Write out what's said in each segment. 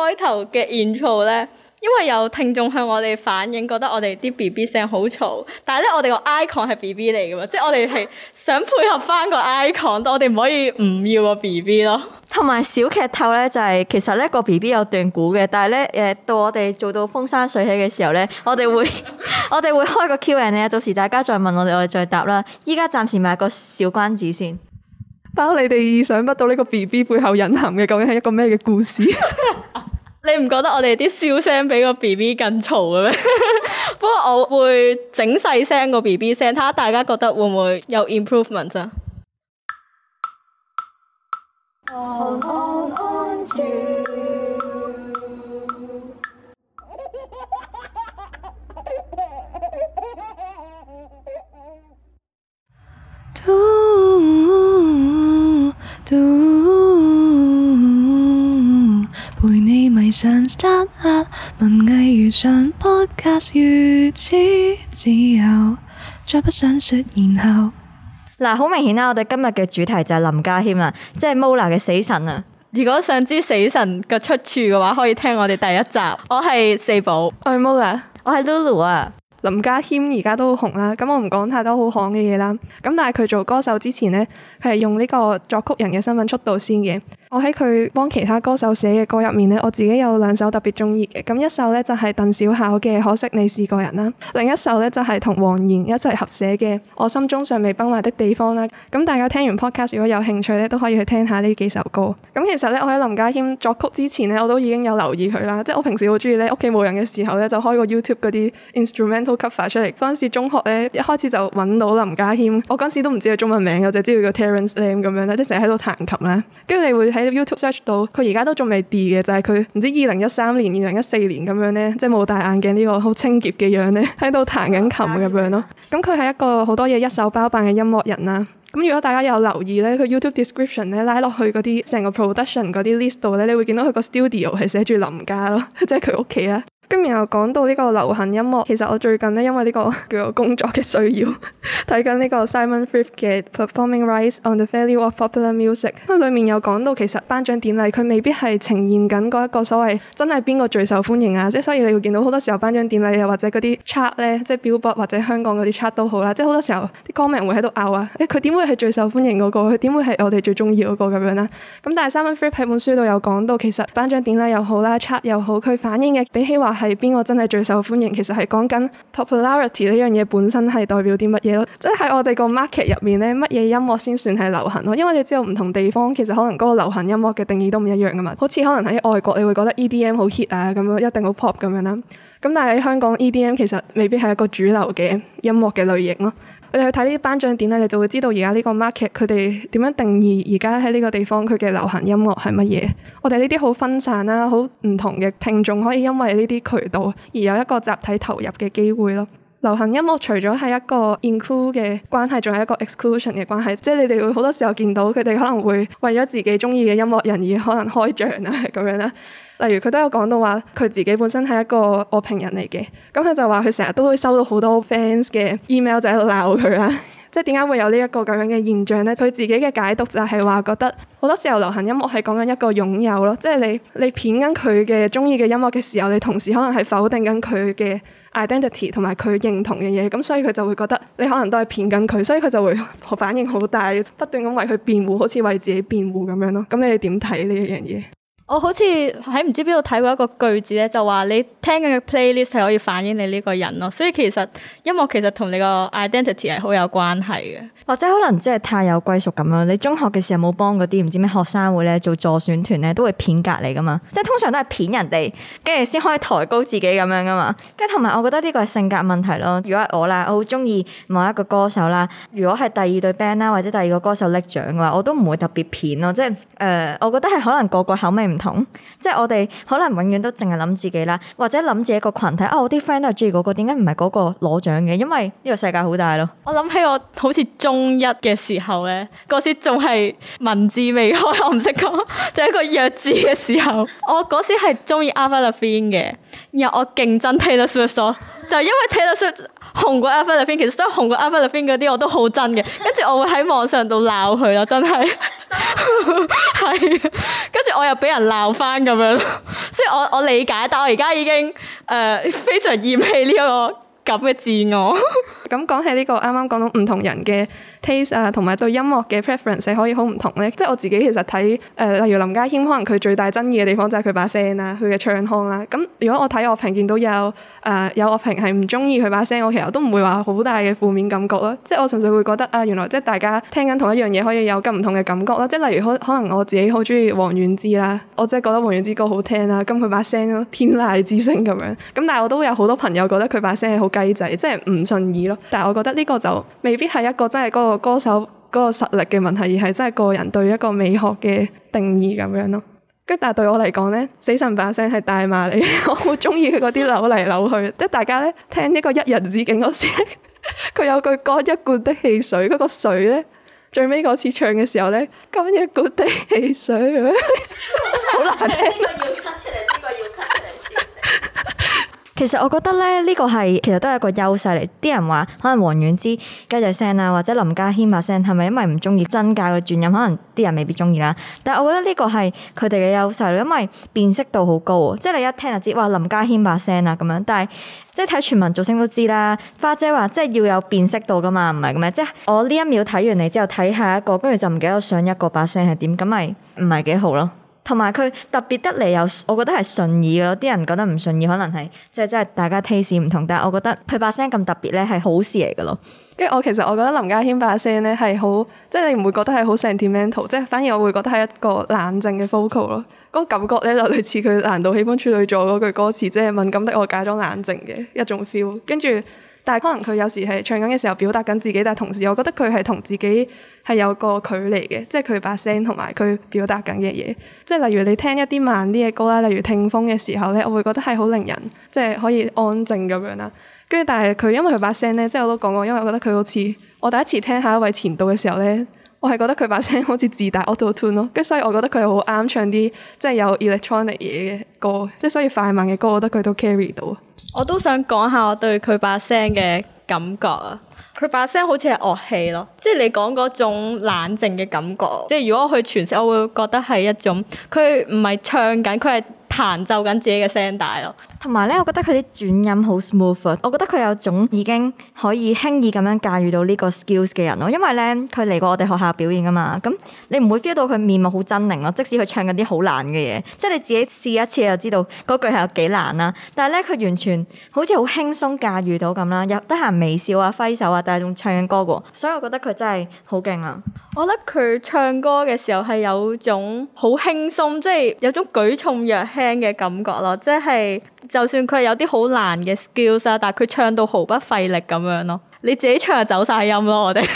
開頭嘅 intro 咧，因為有聽眾向我哋反映，覺得我哋啲 BB 聲好嘈，但係咧我哋個 icon 係 BB 嚟噶嘛，即係我哋係想配合返個 icon，但我哋唔可以唔要個 BB 咯。同埋小劇透咧，就係、是、其實咧個 BB 有段古嘅，但係咧誒到我哋做到風生水起嘅時候咧，我哋會 我哋會開個 Q&A，到時大家再問我哋我哋再答啦。依家暫時賣個小關子先。包你哋意想不到呢個 B B 背後隱含嘅究竟係一個咩嘅故事？ 你唔覺得我哋啲笑聲比個 B B 更嘈嘅咩？ 不過我會整細聲個 B B 聲，睇下大家覺得會唔會有 improvement 啊？Old, old, 陪你迷上 s t 文藝遇上 Podcast 如此自由，再不想說然後。嗱，好明顯啦，我哋今日嘅主題就係林家謙啦，即係 Mola 嘅死神啊！如果想知死神嘅出處嘅話，可以聽我哋第一集。我係四寶，我係 Mola，我係 Lulu 啊。林家謙而家都好紅啦，咁我唔講太多好巷嘅嘢啦。咁但係佢做歌手之前咧，佢係用呢個作曲人嘅身份出道先嘅。我喺佢幫其他歌手寫嘅歌入面呢，我自己有兩首特別中意嘅，咁一首呢，就係鄧小巧嘅《可惜你是個人》啦，另一首呢，就係同黃妍一齊合寫嘅《我心中尚未崩壞的地方》啦。咁大家聽完 podcast 如果有興趣呢，都可以去聽下呢幾首歌。咁其實呢，我喺林家謙作曲之前呢，我都已經有留意佢啦。即係我平時好中意呢屋企冇人嘅時候呢，就開個 YouTube 嗰啲 instrumental cover 出嚟。嗰陣時中學呢，一開始就揾到林家謙，我嗰陣時都唔知佢中文名，我就知道佢叫 Terence Lam 咁樣咧，即係成日喺度彈琴咧，跟住你會喺 YouTube search 到佢而家都仲未 D 嘅，就係佢唔知二零一三年、二零一四年咁樣呢，即係冇戴眼鏡呢個好清潔嘅樣呢，喺度彈緊琴咁樣咯。咁佢係一個好多嘢一手包辦嘅音樂人啦。咁如果大家有留意呢，佢 YouTube description 咧拉落去嗰啲成個 production 嗰啲 list 度呢，你會見到佢個 studio 係寫住林家咯，即係佢屋企啦。今日又講到呢個流行音樂，其實我最近呢，因為呢、這個 叫做工作嘅需要，睇緊呢個 Simon Frith 嘅 Performing Rites on the Value of Popular Music。咁裏面又講到，其實頒獎典禮佢未必係呈現緊嗰一個所謂真係邊個最受歡迎啊！即係所以你會見到好多時候頒獎典禮又或者嗰啲 chart 呢，即係 Billboard 或者香港嗰啲 chart 都好啦，即係好多時候啲歌迷會喺度拗啊！誒，佢點會係最受歡迎嗰、那個？佢點會係我哋最中意嗰個咁樣咧？咁但係 Simon Frith 喺本書度又講到，其實頒獎典禮又好啦，chart 又好，佢反映嘅比起話，係邊個真係最受歡迎？其實係講緊 popularity 呢樣嘢本身係代表啲乜嘢咯？即係喺我哋個 market 入面呢，乜嘢音樂先算係流行咯？因為你知道唔同地方其實可能嗰個流行音樂嘅定義都唔一樣㗎嘛。好似可能喺外國你會覺得 EDM 好 hit 啊，咁樣一定好 pop 咁樣啦。咁但係喺香港 EDM 其實未必係一個主流嘅音樂嘅類型咯。你哋去睇呢啲頒獎典禮，你就會知道而家呢個 market 佢哋點樣定義而家喺呢個地方佢嘅流行音樂係乜嘢。我哋呢啲好分散啦，好唔同嘅聽眾可以因為呢啲渠道而有一個集體投入嘅機會咯。流行音樂除咗係一個 include 嘅關係，仲係一個 exclusion 嘅關係，即係你哋會好多時候見到佢哋可能會為咗自己中意嘅音樂人而可能開獎啊咁樣啦。例如佢都有講到話，佢自己本身係一個樂評人嚟嘅，咁佢就話佢成日都會收到好多 fans 嘅 email 就喺度鬧佢啦。即係點解會有呢一個咁樣嘅現象呢？佢自己嘅解讀就係話覺得好多時候流行音樂係講緊一個擁有咯，即係你你片緊佢嘅中意嘅音樂嘅時候，你同時可能係否定緊佢嘅 identity 同埋佢認同嘅嘢，咁所以佢就會覺得你可能都係片緊佢，所以佢就會反應好大，不斷咁為佢辯護，好似為自己辯護咁樣咯。咁你哋點睇呢一樣嘢？我好似喺唔知邊度睇過一個句子咧，就話你聽緊嘅 playlist 係可以反映你呢個人咯，所以其實音樂其實同你個 identity 係好有關係嘅。或者可能真係太有歸屬感啦。你中學嘅時候冇幫嗰啲唔知咩學生會咧做助選團咧，都會騙隔離噶嘛？即係通常都係騙人哋，跟住先可以抬高自己咁樣噶嘛。跟住同埋我覺得呢個係性格問題咯。如果係我啦，我好中意某一個歌手啦，如果係第二隊 band 啦，或者第二個歌手拎獎嘅話我都唔會特別騙咯。即係誒我覺得係可能個個口味唔～同即係我哋可能永遠都淨係諗自己啦，或者諗自己個群體。啊，我啲 friend 都係中意嗰個，點解唔係嗰個攞獎嘅？因為呢個世界好大咯。我諗起我好似中一嘅時候咧，嗰時仲係文字未開，我唔識講，就係一個弱智嘅時候。我嗰時係中意 Avril Lavigne 嘅，然後我勁憎 Taylor Swift 咗。 就是、因為睇到出紅過 e v 其實真有紅過 e v 嗰啲我都好憎嘅，跟住我會喺網上度鬧佢咯，真係，係 是，跟住 我又俾人鬧翻咁樣， 所以我我理解，但我而家已經誒、呃、非常厭棄呢、這、一個咁嘅自我。咁 講起呢個啱啱講到唔同人嘅。taste 啊，同埋對音樂嘅 preference 可以好唔同呢？即係我自己其實睇誒、呃，例如林家謙，可能佢最大爭議嘅地方就係佢把聲啦，佢嘅唱腔啦。咁、啊、如果我睇樂評見到有誒、呃、有樂評係唔中意佢把聲，我其實都唔會話好大嘅負面感覺咯、啊。即係我純粹會覺得啊，原來即係大家聽緊同一樣嘢可以有咁唔同嘅感覺咯、啊。即係例如可可能我自己好中意王菀之啦，我真係覺得王菀之歌好聽啦，咁佢把聲咯，天籟之聲咁樣。咁但係我都有好多朋友覺得佢把聲係好雞仔，即係唔順耳咯。但係我覺得呢個就未必係一個真係嗰、那個個歌手嗰個實力嘅問題，而係真係個人對一個美學嘅定義咁樣咯。跟住但係對我嚟講咧，死神把聲係大麻嚟，我好中意佢嗰啲扭嚟扭去。即係大家咧聽呢個一人之境嗰時，佢有句乾一罐的汽水，嗰個水咧最尾嗰次唱嘅時候咧，乾一罐的汽水，好難聽。其實我覺得咧，呢個係其實都係一個優勢嚟。啲人話可能王菀之雞仔聲啦，或者林家謙把聲，係咪因為唔中意真假嘅轉音？可能啲人未必中意啦。但係我覺得呢個係佢哋嘅優勢，因為辨識度好高啊！即係你一聽就知，哇，林家謙把聲啦咁樣。但係即係睇全民造星都知啦，花姐話即係要有辨識度㗎嘛，唔係咁樣。即係我呢一秒睇完你之後，睇下一個，跟住就唔記得上一個把聲係點，咁咪唔係幾好咯。同埋佢特別得嚟又，我覺得係順耳咯。啲人覺得唔順耳，可能係即係即係大家 taste 唔同。但係我覺得佢把聲咁特別咧，係好事嚟噶咯。跟住我其實我覺得林家謙把聲咧係好，即係你唔會覺得係好 sentimental，即係反而我會覺得係一個冷靜嘅 vocal 咯。嗰個感覺咧就類似佢難道喜歡處女座嗰句歌詞，即係敏感得我假裝冷靜嘅一種 feel。跟住。但係可能佢有時係唱緊嘅時候表達緊自己，但係同時我覺得佢係同自己係有個距離嘅，即係佢把聲同埋佢表達緊嘅嘢。即係例如你聽一啲慢啲嘅歌啦，例如聽風嘅時候咧，我會覺得係好令人即係、就是、可以安靜咁樣啦。跟住但係佢因為佢把聲咧，即係我都講過，因為我覺得佢好似我第一次聽下一位前度嘅時候咧，我係覺得佢把聲好似自帶 auto tune 咯。跟住所以我覺得佢好啱唱啲即係有 electronic 嘢嘅歌，即係所以快慢嘅歌，我覺得佢都 carry 到。我都想講下我對佢把聲嘅感覺啊，佢把聲好似係樂器咯，即係你講嗰種冷靜嘅感覺，即係如果我去詮釋，我會覺得係一種，佢唔係唱緊，佢係。彈奏緊自己嘅聲帶咯，同埋咧，我覺得佢啲轉音好 smooth，我覺得佢有種已經可以輕易咁樣駕馭到呢個 skills 嘅人咯，因為咧佢嚟過我哋學校表演㗎嘛，咁你唔會 feel 到佢面目好猙獰咯，即使佢唱緊啲好難嘅嘢，即係你自己試一次就知道嗰句係有幾難啦，但係咧佢完全好似好輕鬆駕馭到咁啦，有得閒微笑啊、揮手啊，但係仲唱緊歌嘅，所以我覺得佢真係好勁啊！我覺得佢唱歌嘅時候係有種好輕鬆，即係有種舉重若輕嘅感覺咯。即係就算佢係有啲好難嘅 skills 啊，但係佢唱到毫不費力咁樣咯。你自己唱就走晒音咯，我哋。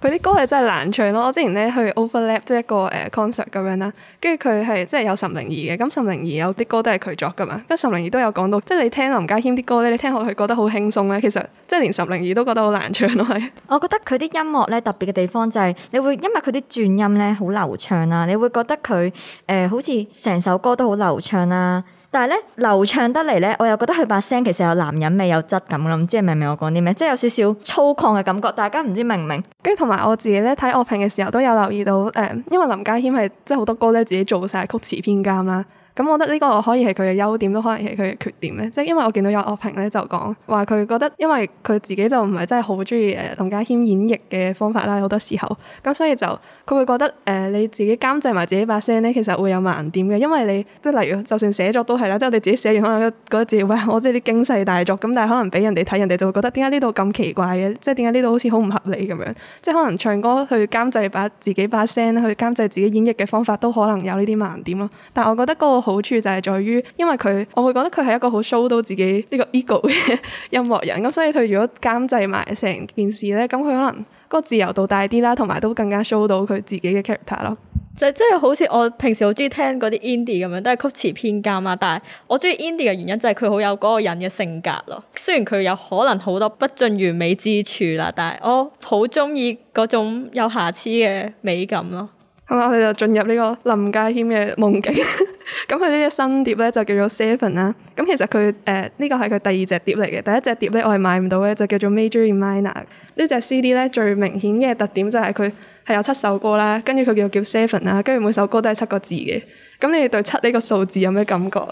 佢啲歌係真係難唱咯！我之前咧去 overlap 即係一個誒 concert 咁樣啦，跟住佢係即係有岑寧兒嘅，咁岑寧兒有啲歌都係佢作噶嘛，跟岑寧兒都有講到，即、就、係、是、你聽林家謙啲歌咧，你聽落去覺得好輕鬆咧，其實即係連岑寧兒都覺得好難唱咯，係 。我覺得佢啲音樂咧特別嘅地方就係你會因為佢啲轉音咧好流暢啊，你會覺得佢誒、呃、好似成首歌都好流暢啊。但係咧，流暢得嚟咧，我又覺得佢把聲其實有男人味，有質，有質感咯。唔知你明唔明我講啲咩？即係有少少粗獷嘅感覺。大家唔知明唔明？跟住同埋我自己咧睇樂評嘅時候都有留意到，誒、呃，因為林家謙係即係好多歌咧自己做晒曲詞編監啦。咁我覺得呢個可以係佢嘅優點，都可能係佢嘅缺點呢。即係因為我見到有惡評呢，就講話佢覺得，因為佢自己就唔係真係好中意誒林家謙演繹嘅方法啦，好多時候。咁所以就佢會覺得誒、呃、你自己監製埋自己把聲呢，其實會有盲點嘅，因為你即係例如就算寫作都係啦，即係你自己寫完可能覺得自己嘩我即係啲經世大作，咁但係可能俾人哋睇，人哋就會覺得點解呢度咁奇怪嘅、就是？即係點解呢度好似好唔合理咁樣？即係可能唱歌去監製把自己把聲去監製自己演繹嘅方法都可能有呢啲盲點咯。但係我覺得嗰、那個。好處就係在於，因為佢，我會覺得佢係一個好 show 到自己呢個 ego 嘅音樂人，咁所以佢如果監製埋成件事咧，咁佢可能個自由度大啲啦，同埋都更加 show 到佢自己嘅 character 咯。就即係好似我平時好中意聽嗰啲 indie 咁樣，都係曲詞編監啊，但係我中意 indie 嘅原因就係佢好有嗰個人嘅性格咯。雖然佢有可能好多不盡完美之處啦，但係我好中意嗰種有瑕疵嘅美感咯。好啦，我哋就進入呢個林家謙嘅夢境。 咁佢呢隻新碟咧就叫做 Seven 啦。咁其實佢誒呢個係佢第二隻碟嚟嘅。第一隻碟咧我係買唔到嘅，就叫做 Major and Minor。呢隻 CD 咧最明顯嘅特點就係佢係有七首歌啦，跟住佢叫叫 Seven 啦，跟住每首歌都係七個字嘅。咁你對七呢個數字有咩感覺？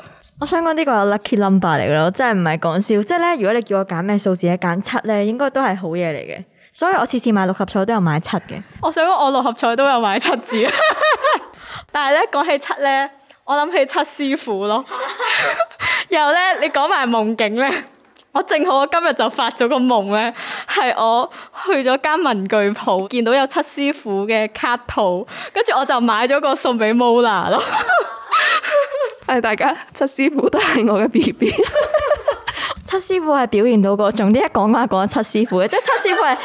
我想講呢個係 lucky number 嚟嘅咯，真係唔係講笑。即係咧，如果你叫我揀咩數字咧，揀七咧，應該都係好嘢嚟嘅。所以我次次買六合彩都有買七嘅。 我想講我六合彩都有買七字 但呢，但係咧講起七咧。我諗起七師傅咯， 然後咧你講埋夢境咧，我正好我今日就發咗個夢咧，係我去咗間文具鋪見到有七師傅嘅卡套，跟住我就買咗個送俾 Mola 咯。係大家七師傅都係我嘅 B B，七師傅係表現到嗰種，總之一講話講七師傅嘅，即係七師傅係，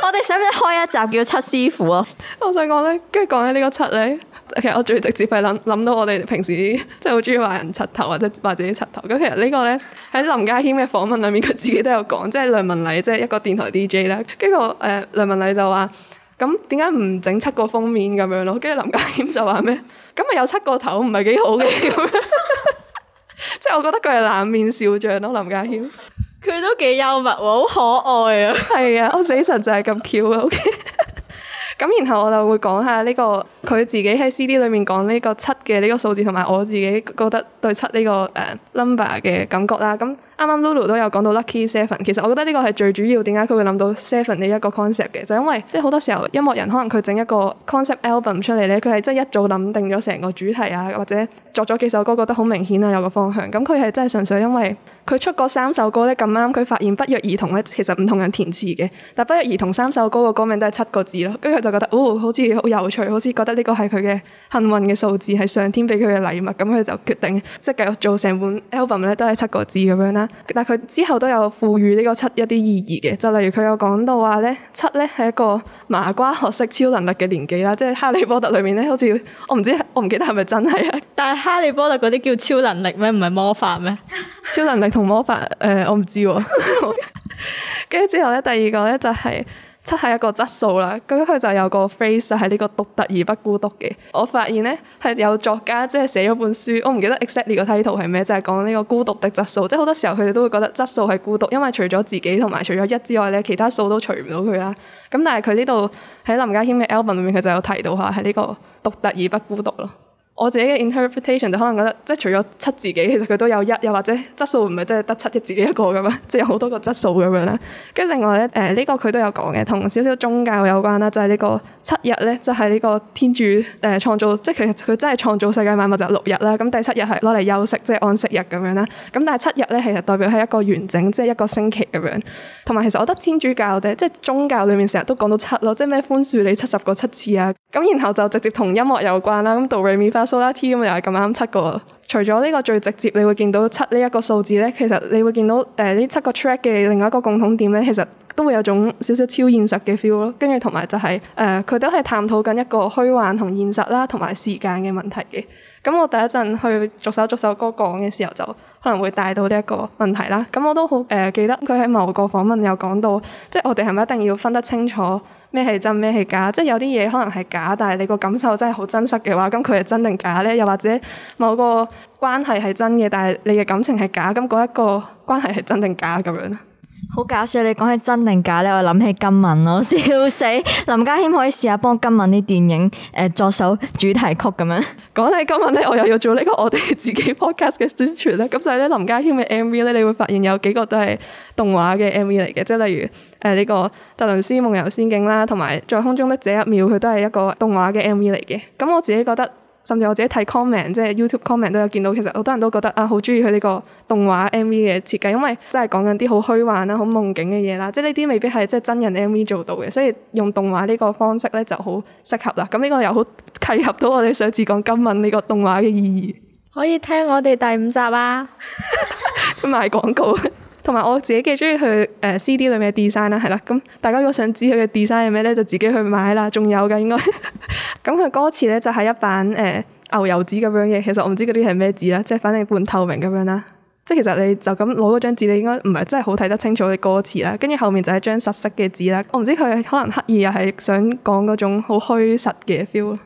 我哋使唔使開一集叫七師傅啊？我想講咧，跟住講緊呢個七咧。其實我最直接係諗諗到我哋平時即係好中意話人柒頭或者或者柒頭，咁其實個呢個咧喺林家謙嘅訪問裡面，佢自己都有講，即係梁文禮即係一個電台 DJ 啦。跟住誒梁文禮就話：咁點解唔整七個封面咁樣咯？跟住林家謙就話咩？咁咪有七個頭唔係幾好嘅， 即係我覺得佢係冷面笑匠咯。林家謙佢都幾幽默喎，好可愛啊！係 啊，我死神就係咁 cute。Okay? 咁然後我就會講下呢個佢自己喺 CD 裏面講呢個七嘅呢個數字同埋我自己覺得對七呢個、誒、uh, number 嘅感覺啦，咁。啱啱 Lulu 都有講到 Lucky Seven，其實我覺得呢個係最主要點解佢會諗到 Seven 呢一個 concept 嘅，就因為即係好多時候音樂人可能佢整一個 concept album 出嚟呢，佢係即係一早諗定咗成個主題啊，或者作咗幾首歌覺得好明顯啊，有個方向，咁佢係真係純粹因為佢出嗰三首歌呢，咁啱佢發現不約而同呢，其實唔同人填詞嘅，但不約而同三首歌個歌名都係七個字咯，跟住佢就覺得哦，好似好有趣，好似覺得呢個係佢嘅幸運嘅數字，係上天俾佢嘅禮物，咁佢就決定即係繼續做成本 album 呢，都係七個字咁樣啦。但係佢之後都有賦予呢個七一啲意義嘅，就例如佢有講到話咧，七咧係一個麻瓜學識超能力嘅年紀啦，即係哈利波特裏面咧，好似我唔知，我唔記得係咪真係啊？但係哈利波特嗰啲叫超能力咩？唔係魔法咩？超能力同魔法，誒、 呃，我唔知喎。跟住之後咧，第二個咧就係、是。七係一個質數啦，咁佢就有個 phrase 就係呢個獨特而不孤獨嘅。我發現呢，係有作家即係寫咗本書，我唔記得 exactly 呢個 title 係咩，就係講呢個孤獨的質數。即係好多時候佢哋都會覺得質數係孤獨，因為除咗自己同埋除咗一之外呢，其他數都除唔到佢啦。咁但係佢呢度喺林家謙嘅 album 裏面，佢就有提到下係呢個獨特而不孤獨咯。我自己嘅 interpretation 就可能覺得，即係除咗七自己，其實佢都有一，又或者質素唔係真係得七一自己一個噶嘛，即係有好多個質素咁樣啦、呃這個。跟住另外咧，誒呢個佢都有講嘅，同少少宗教有關啦，就係、是、呢個七日咧，就係、是、呢個天主誒創、呃、造，即係其實佢真係創造世界萬物就是、六日啦。咁第七日係攞嚟休息，即係安息日咁樣啦。咁但係七日咧，其實代表係一個完整，即係一個星期咁樣。同埋其實我覺得天主教嘅，即係宗教裏面成日都講到七咯，即係咩寬恕你七十個七次啊。咁然後就直接同音樂有關啦。咁 Do Re Mi Fa。數一 T 咁又係咁啱七個，除咗呢個最直接，你會見到七呢一個數字呢。其實你會見到誒呢、呃、七個 track 嘅另外一個共同點呢，其實都會有種少少超現實嘅 feel 咯，跟住同埋就係誒佢都係探討緊一個虛幻同現實啦，同埋時間嘅問題嘅。咁我第一陣去逐首逐首歌講嘅時候，就可能會帶到呢一個問題啦。咁我都好誒記得佢喺某個訪問有講到，即係我哋係咪一定要分得清楚咩係真咩係假？即係有啲嘢可能係假，但係你個感受真係好真實嘅話，咁佢係真定假咧？又或者某個關係係真嘅，但係你嘅感情係假，咁嗰一個關係係真定假咁樣。好搞笑！你講起真定假咧，我諗起今敏咯，笑死！林家謙可以試下幫今敏啲電影誒、呃、作首主題曲咁樣。講起今敏咧，我又要做呢個我哋自己 podcast 嘅宣傳咧。咁就咧、係，林家謙嘅 MV 咧，你會發現有幾個都係動畫嘅 MV 嚟嘅，即係例如誒呢、呃這個《特倫斯夢遊仙境》啦，同埋《在空中的這一秒》，佢都係一個動畫嘅 MV 嚟嘅。咁我自己覺得。甚至我自己睇 comment，即係 YouTube comment 都有見到，其實好多人都覺得啊，好中意佢呢個動畫 MV 嘅設計，因為真係講緊啲好虛幻啦、好夢境嘅嘢啦，即係呢啲未必係即係真人 MV 做到嘅，所以用動畫呢個方式咧就好適合啦。咁、嗯、呢、呢個又好契合到我哋上次講今敏呢個動畫嘅意義。可以聽我哋第五集啊！ 賣廣告。同埋我自己幾中意佢誒 CD 裏面嘅 design 啦，係啦，咁大家如果想知佢嘅 design 係咩咧，就自己去買啦。仲有㗎應該，咁佢 歌詞咧就係一版誒、呃、牛油紙咁樣嘅，其實我唔知嗰啲係咩紙啦，即係反正半透明咁樣啦。即係其實你就咁攞嗰張紙，你應該唔係真係好睇得清楚嘅歌詞啦。跟住後面就係一張實色嘅紙啦。我唔知佢可能刻意又係想講嗰種好虛實嘅 feel。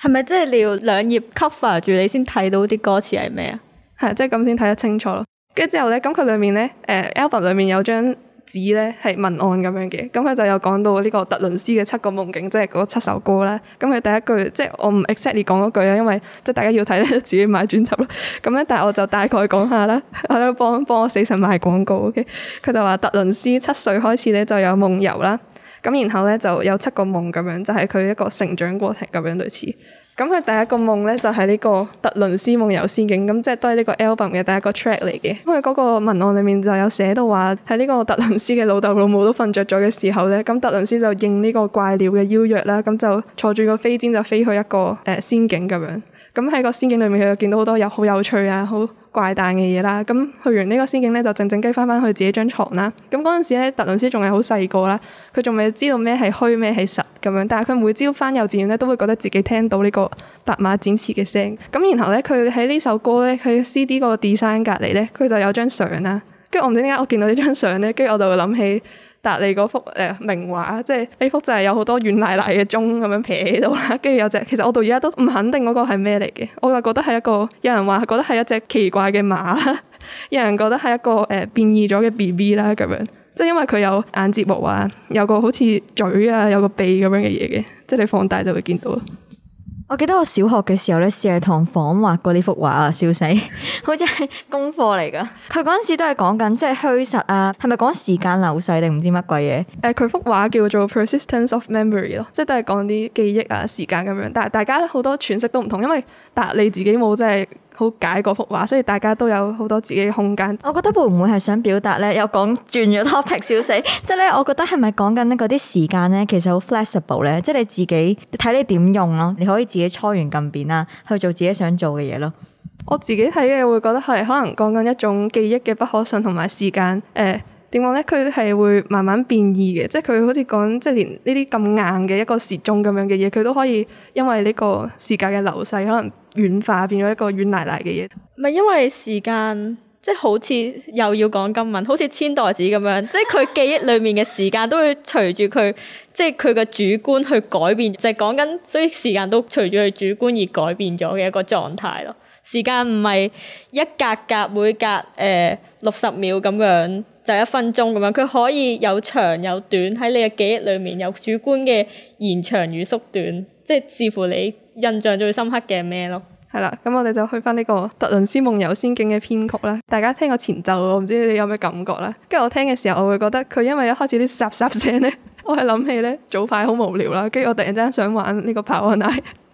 係咪即係你要兩頁 cover 住你先睇到啲歌詞係咩啊？係即係咁先睇得清楚咯。跟住之後咧，咁佢裡面咧，誒、啊 album 裡面有張紙咧，係文案咁樣嘅，咁佢就有講到呢個特倫斯嘅七個夢境，即係嗰七首歌啦。咁佢第一句，即係我唔 exactly 講嗰句啊，因為即係大家要睇咧，自己買專輯咯。咁咧，但係我就大概講下啦，我喺度幫幫我死神賣廣告。O.K.，佢就話特倫斯七歲開始咧就有夢遊啦，咁然後咧就有七個夢咁樣，就係、是、佢一個成長過程咁樣類似。咁佢第一個夢咧就係呢個特倫斯夢遊仙境，咁即係都係呢個 album 嘅第一個 track 嚟嘅。因為嗰個文案裏面就有寫到話，喺呢個特倫斯嘅老豆老母都瞓着咗嘅時候咧，咁特倫斯就應呢個怪鳥嘅邀約啦，咁就坐住個飛氈就飛去一個誒仙境咁樣。咁喺個仙境裏面，佢又見到好多有好有趣啊、好怪誕嘅嘢啦。咁去完呢個仙境呢，就靜靜雞翻翻去自己張床啦。咁嗰陣時呢，特倫斯仲係好細個啦，佢仲未知道咩係虛咩係實咁樣。但係佢每朝翻幼稚園呢，都會覺得自己聽到呢個白馬展翅嘅聲。咁然後呢，佢喺呢首歌呢，佢 CD 嗰個 design 隔離呢，佢就有張相啦。跟住我唔知點解我見到呢張相呢，跟住我就會諗起。達利嗰幅誒名畫，即係呢幅就係有好多軟賴賴嘅鐘咁樣撇喺度啦，跟住有隻，其實我到而家都唔肯定嗰個係咩嚟嘅。我就覺得係一個，有人話覺得係一隻奇怪嘅馬， 有人覺得係一個誒、呃、變異咗嘅 BB 啦咁樣，即係因為佢有眼睫毛啊，有個好似嘴啊，有個鼻咁樣嘅嘢嘅，即係你放大就會見到。我記得我小學嘅時候咧，四堂房畫過呢幅畫啊，笑死， 好似係功課嚟噶。佢嗰陣時都係講緊即係虛實啊，係咪講時間流逝定唔知乜鬼嘢？誒、呃，佢幅畫叫做 Persistence of Memory 咯，即係都係講啲記憶啊、時間咁樣。但係大家好多詮釋都唔同，因為達利自己冇真係。好解嗰幅畫，所以大家都有好多自己嘅空間。我覺得會唔會係想表達呢？又講轉咗 topic 少少。即係呢，我覺得係咪講緊咧嗰啲時間呢？其實好 flexible 呢，即係你自己睇你點用咯，你可以自己搓完鉛筆啦，去做自己想做嘅嘢咯。我自己睇嘅會覺得係可能講緊一種記憶嘅不可信同埋時間誒。呃點講咧？佢係會慢慢變異嘅，即係佢好似講，即係連呢啲咁硬嘅一個時鐘咁樣嘅嘢，佢都可以因為呢個時間嘅流逝，可能軟化變咗一個軟腍腍嘅嘢。唔係因為時間，即係好似又要講金文，好似千代子咁樣，即係佢記憶裡面嘅時間都會隨住佢，即係佢嘅主觀去改變，就係講緊，所以時間都隨住佢主觀而改變咗嘅一個狀態咯。時間唔係一格格每格誒六十秒咁樣。就一分鐘咁樣，佢可以有長有短，喺你嘅記憶裏面有主觀嘅延長與縮短，即係視乎你印象最深刻嘅咩咯。係啦，咁我哋就去翻呢個《特倫斯夢遊仙境》嘅編曲啦。大家聽個前奏，我唔知你哋有咩感覺啦。跟住我聽嘅時候，我會覺得佢因為一開始啲雜雜聲咧， 我係諗起咧早排好無聊啦。跟住我突然之間想玩呢個跑 o n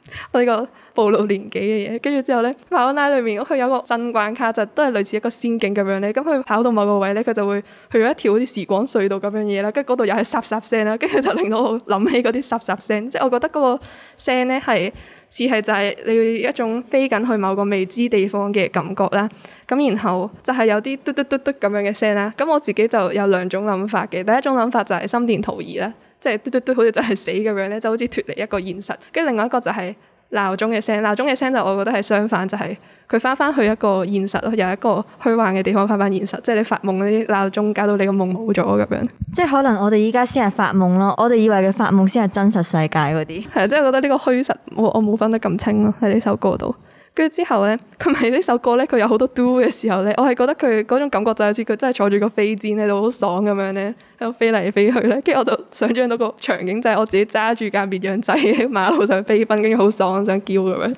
我呢個暴露年紀嘅嘢，跟住之後咧《跑男》裏面，佢有個新關卡，就是、都係類似一個仙境咁樣咧。咁佢跑到某個位咧，佢就會去咗一條好似時光隧道咁樣嘢啦。跟住嗰度又係雜雜聲啦，跟住就令到我諗起嗰啲雜雜聲。即係我覺得嗰個聲咧係似係就係你要一種飛緊去某個未知地方嘅感覺啦。咁然後就係有啲嘟嘟嘟嘟咁樣嘅聲啦。咁我自己就有兩種諗法嘅。第一種諗法就係心電圖儀啦。即係嘟嘟嘟好似就係死咁樣咧，就好似脫離一個現實。跟住另外一個就係鬧鐘嘅聲，鬧鐘嘅聲就我覺得係相反，就係佢翻翻去一個現實咯，由一個虛幻嘅地方翻翻現實。即係你發夢嗰啲鬧鐘搞到你個夢冇咗咁樣。即係可能我哋依家先係發夢咯，我哋以為嘅發夢先係真實世界嗰啲。係啊，即係我覺得呢個虛實我我冇分得咁清咯喺呢首歌度。跟住之後咧，佢咪呢首歌咧，佢有好多 do 嘅時候咧，我係覺得佢嗰種感覺就係似佢真係坐住個飛氈咧，好爽咁樣咧，喺度飛嚟飛去咧，跟住我就想像到個場景就係我自己揸住架綿羊仔喺馬路上飛奔，跟住好爽，想叫咁樣，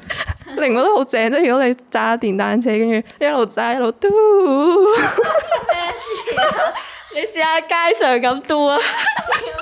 令我覺得好正啫！如果你揸電單車，跟住一路揸一路嘟、 咩事啊，你試下街上咁嘟啊！